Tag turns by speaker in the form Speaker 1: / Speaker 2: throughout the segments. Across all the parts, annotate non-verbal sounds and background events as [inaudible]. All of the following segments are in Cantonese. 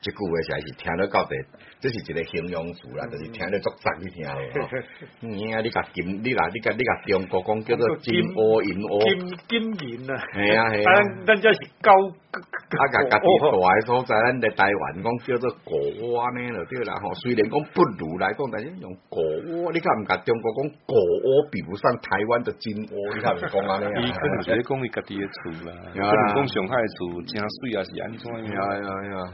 Speaker 1: 這句話也是聽了夠多，這是一個形容詞啦，就是聽了作讚去聽你啊，你你來，你你中國叫做金窩銀窩，
Speaker 2: 金銀啊。係啊係啊。等陣是高，啊格格啲
Speaker 1: 壞所在，你台灣叫做果窩呢，就對啦。吼，雖然講不如來講，但係用果窩，你睇唔噶？中國講果窩比不
Speaker 3: 上台灣的金窩，你睇唔講啊？你可能講你格啲嘅厝啦，講上海厝，真水啊，還是安怎？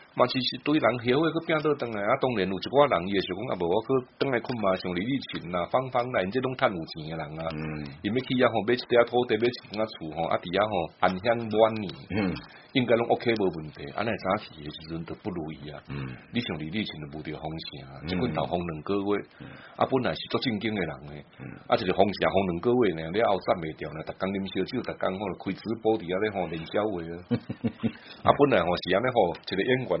Speaker 3: 嘛，其實對人社會擱摒倒轉來，啊，當然有一掛人會想講啊，無我擱轉來困嘛，像李立群呐、啊、方方啦，因這攏趁有錢嘅人啊，你欲、嗯、去遐吼，買一嗲土地，買一嗲厝吼，啊，佇遐吼安享晚年，嗯、應該攏 OK 無問題。安尼啥事的時陣都不如意啊。嗯、你像李立群就無着風聲啊，一困頭風兩個月，嗯、啊，本來是做正經嘅人嘅，嗯、啊，一個風聲風兩個月呢，你拗賺不掉呢，逐工啉燒酒，逐工吼開直播佇遐咧吼，營銷話，夜夜 [laughs] 啊，本來吼是安尼吼，一個演員。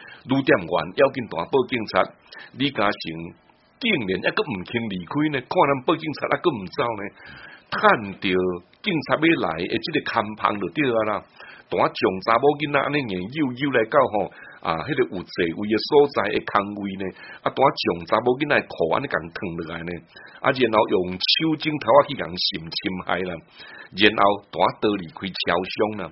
Speaker 3: 女店員要緊大埔警察李嘉誠，竟然抑擱毋肯離開呢，看人報警察抑擱毋走呢，趁着警察要來，即個空當着對啊啦。大將查某囝仔安尼硬幼幼來到吼啊，迄、那個有座位誒所在嘅空位呢，啊大將查某囝仔酷安尼共吞落來呢，啊然後用手鏡頭啊去共咁深侵害啦，然後大刀離開橋上啦。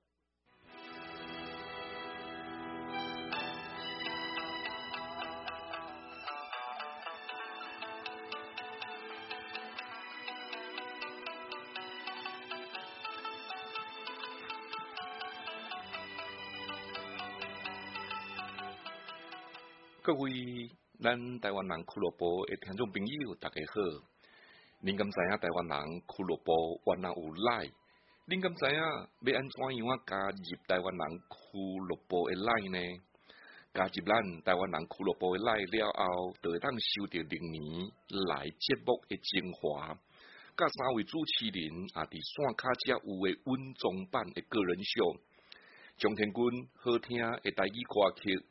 Speaker 3: 各位，咱台灣人俱樂部的聽眾朋友，大家好！您敢知影台灣人俱樂部往哪有來？您敢知影要安怎樣加入台灣人俱樂部的來呢？加入咱台灣人俱樂部的來了後，就會當收到歷年來節目嘅精華。甲三位主持人也佇山腳只有的穩重版嘅個人秀，張天軍好聽嘅台語歌曲。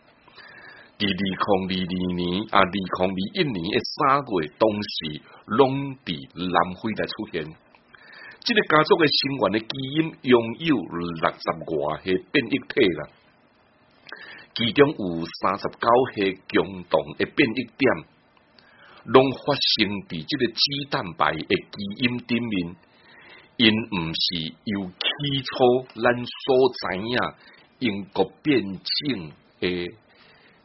Speaker 3: 二零零二年啊，二零二一年的三月，同時攏佇南非出現。這個家族嘅成員嘅基因擁有六十外個變異體，其中有三十九個共同嘅變異點，攏發生佇這個子蛋白嘅基因頂面。因唔是由起初咱所知影，英國變種誒。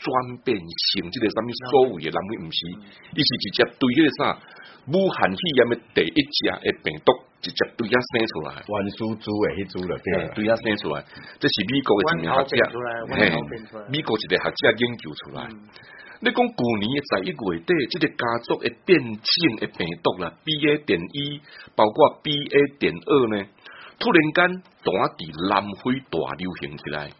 Speaker 3: 轉變成即個什物所謂嘅，那麼毋是，伊、嗯、是直接對迄個啥，武漢肺炎嘅第一隻誒病毒，直接對佢生出來，原宿主誒迄主咧對佢生出來，這是美國誒一名學者，嘿體，對美國一個學者研究出來。嗯、你講舊年十一月底，即、這個家族誒變性誒病毒啦，B A. 點一，BA. 1, 包括 B A. 點二呢，突然間打佇南非大流行起來。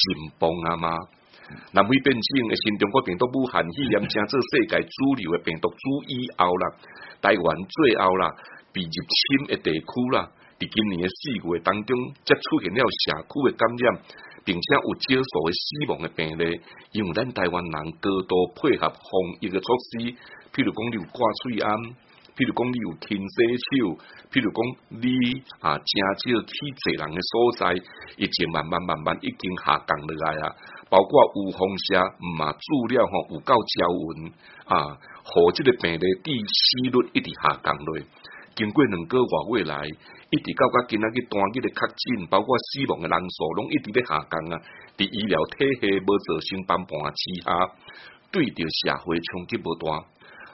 Speaker 3: 緊繃啊嘛！南非變種嘅新中國病毒武漢肺炎，甚至世界主流嘅病毒之後啦，台灣最後啦，被入侵嘅地區啦，佇今年嘅四月當中，則出現了社區嘅感染，並且有少數嘅死亡嘅病例，因為咱台灣人較多配合防疫嘅措施，譬如講流掛水啊。比如講，你有輕洗手；比如講，你啊，正少有去濟人嘅所在，疫情慢慢慢慢，已經下降落來啊。包括有風邪，唔啊，治療吼有夠招穩啊，好，即個病例，致死率一直下降落。經過兩個月未來，一直到，到今啊，今日確診，包括死亡嘅人數，攏一直咧下降啊。佇醫療體系無造成崩盤之下，對着社會衝擊無大。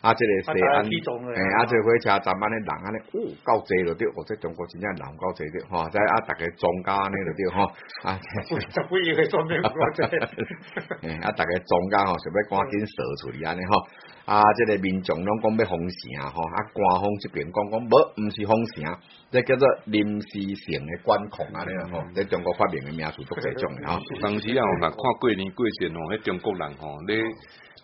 Speaker 1: 啊，即、這個西安，誒、啊欸！啊，即火車站安尼人安尼，烏夠濟着着，或者、哦、中國真正人夠濟着，吼、哦，嗬！即係阿逐個莊家安尼着着，嗬！阿逐個莊家吼，想欲趕緊踅出去安尼吼！阿即個民眾攏講欲封城，吼，啊，官方即邊講講，冇、哦、毋是封城，即叫做臨時性嘅管控安尼，吼、哦，喺中國發明嘅
Speaker 3: 名詞都這種吼，當時哦，若看過年過節哦，喺中國人吼、哦，你。嗯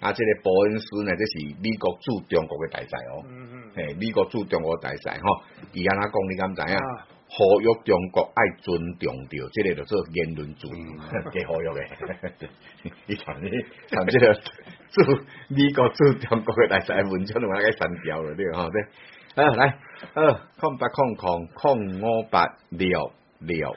Speaker 1: 啊！即、這個伯恩斯呢，即是美國駐中國嘅大使哦。嗯嗯。誒、嗯哎，美國駐中國大使，嗬、哦。伊安呢講，你敢知影？呼籲、啊、中國愛尊重着即係做言論自由，幾好約嘅。呵 [laughs] [laughs] 你同你同呢、這個做美國駐中國嘅大使，嘅文章都有人刪掉咗嗬。啊，來，啊，空八空空，空五八六六。六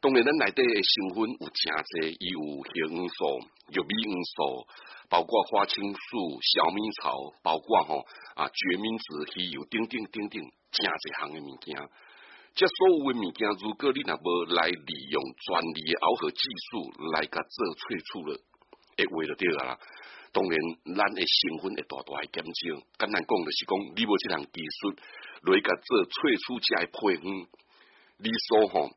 Speaker 3: 當然我的，咱內底成分有正儕，有伊香素、玉米黃素，包括花青素、小米草，包括吼、哦、啊決明子、魚油，等等等等，正儕項嘅物件。即所有嘅物件，如果你若無來利用專利熬合技術來甲做萃取了，誒話着對啦。當然，咱嘅成分會大大減少。簡單講，就是講你要一項技術來甲做萃取，加配方，你所吼？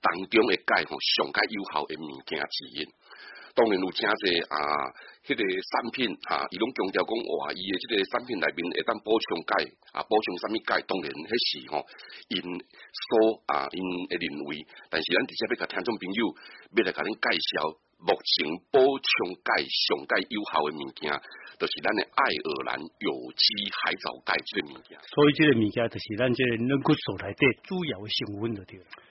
Speaker 3: 當中嘅鈣吼，上解有效的物件之一，當然有請咗啊，佢、那個產品吓，伊攏強調講哇伊的即個產品內面會當補充鈣啊，補充什乜鈣，當然係是吼，因、嗯、所啊因嘅認為，但是咱直接畀個聽眾朋友，要來同你介紹目前補充鈣上解有效的物件，就是咱的愛爾蘭有機海藻鈣、這個物件。
Speaker 2: 所以，即個物件就是咱即個 number one 係最主要嘅成分嗰啲。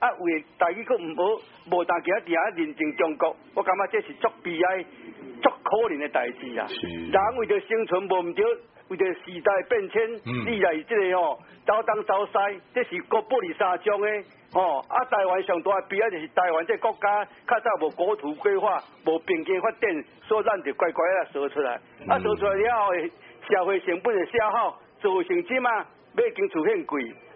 Speaker 4: 啊，為的有大伊國唔好無單家佇遐認證中國，我感覺這是足悲哀、足可憐嘅代志啊！是人為著生存無唔對，為著時代變遷、時、嗯、來即個吼走東走西，這是國不利三章嘅吼啊！台灣上大嘅悲哀就是台灣即個國家較早無國土規劃、無平均發展，所以咱就乖乖啊說出來。嗯、啊，說出來了以後，社會成本嘅消耗造成即嘛，已經出現貴。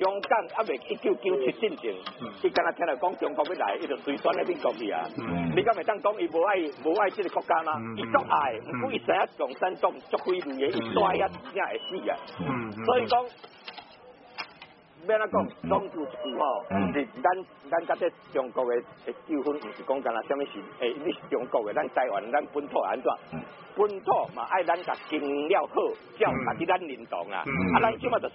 Speaker 5: 香港還袂一九九七進，爭，伊敢若聽了講中國未來，伊就隨船那邊國去啊。你敢袂當講伊無愛無愛這個國家嗎？伊足愛，不過伊生啊，窮山中足開路的，伊大啊，真正會死啊。
Speaker 6: 所以講，
Speaker 5: 要哪講，總之一句吼，是咱咱甲這中國嘅糾紛，唔是講敢若什麼是誒，你是中國嘅，咱台灣咱本土安怎？本土嘛愛咱甲經了好，照也咱認同啦。啊，咱即馬就是。